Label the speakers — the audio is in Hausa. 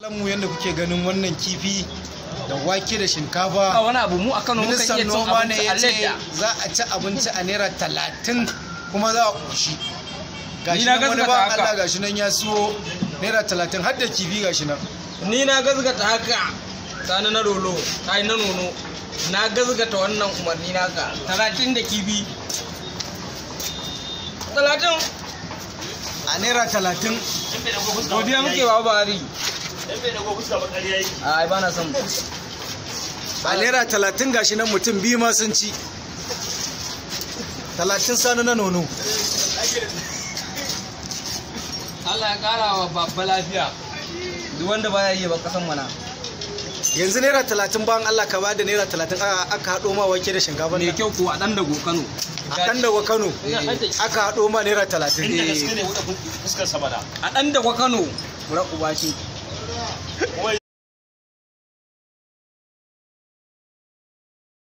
Speaker 1: Alamu yadda kuke ganin wannan kifi da wake da shinkafa a wani abu mu a Kano muka iya noma ne ya ce
Speaker 2: za a ci abinci a naira talatin kuma za a ƙoshi gashi nan wani ba Allah gashi nan ya siyo naira talatin har da kifi gashi nan ni na gazgata
Speaker 3: haka sani na rolo yi na nono na gazgata wannan umarni ka talatin da kifi talatin
Speaker 2: a naira talatin
Speaker 4: godiya muke ba bari a ba na son
Speaker 5: a naira talatin gashi nan mutum biyu ma sun ci
Speaker 4: talatin sanu na nono Allah ya kara wa babba lafiya duk wanda baya yi ba kasan mana
Speaker 2: yanzu naira talatin bayan Allah ka bada da naira talatin aka haɗo ma wake da shinkafa ne kyau kuwa ɗan dago Kano a ɗan dago Kano eh. aka haɗo ma naira talatin eh.
Speaker 1: a ɗan dago Kano mura uba Ой,